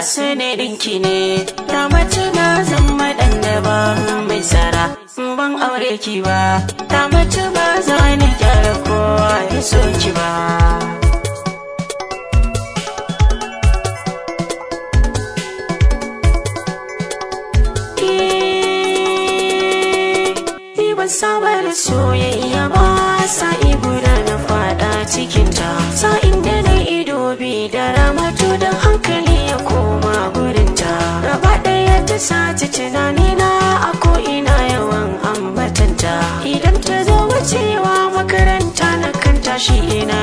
asirinki ne ta mace na zan maɗanda ba mai tsara ban aure ki ba ta mace ba za ni gyara kowa ya so ki ba saba da soyayya ba sa'i guda na fada cikinta sa'in da ci na a ko'ina yawan ambatanta idan ta zo wucewa makaranta na kanta shi ina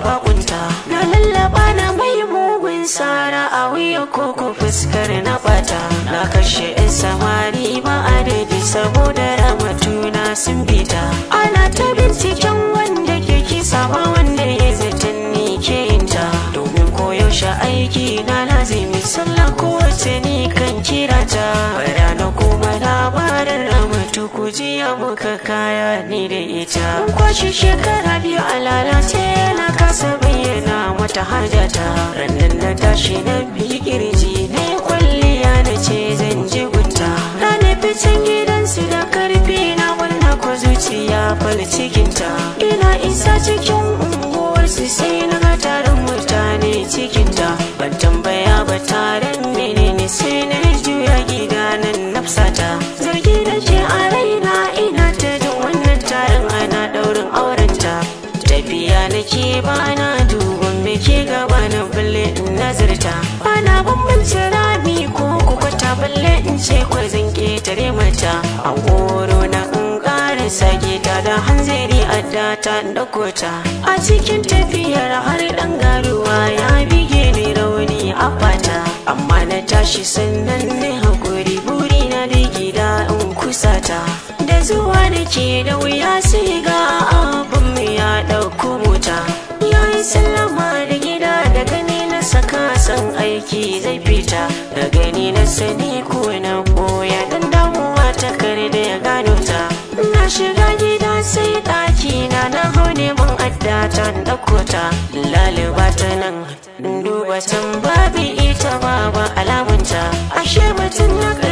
ta na lallaba na mai mugun sara a wuya koko fuskar na bata na kashe in samari ba adadi saboda na sun fita. ana ta binciken wanda ke kisa ba wanda ya zaton ni ke yinta domin koyaushe aiki na lazimi sallah kowace ni kan kirata na kuma labarin ramatu ku jiya muka kaya ni da ita kwashe shekara biyu a lalace kasa bayyana mata hajata randan na tashi na bi kirji na yi kwalliya na ce zan ji guta na nufi can gidansu da karfi na wannan ko zuciya fal cikinta ina isa cikin unguwarsu sai na mutane cikinta ban tambaya ba tare ce kwai zan ketare mata a goro na in ƙara sage ta da hanzari a data ɗauko ta a cikin tafiyar har ɗan garuwa ya bige ni rauni a fata amma na tashi sannan ne hakuri buri na da gida in kusa ta da zuwa da ke da wuya aiki zai fita da gani na sani ko na koya dan damuwa ta kare da ya gano ta na shiga gida sai daki na na hau neman adda ta dauko ta laliba ta nan duba can babu ita ba ba alamunta ashe mutum na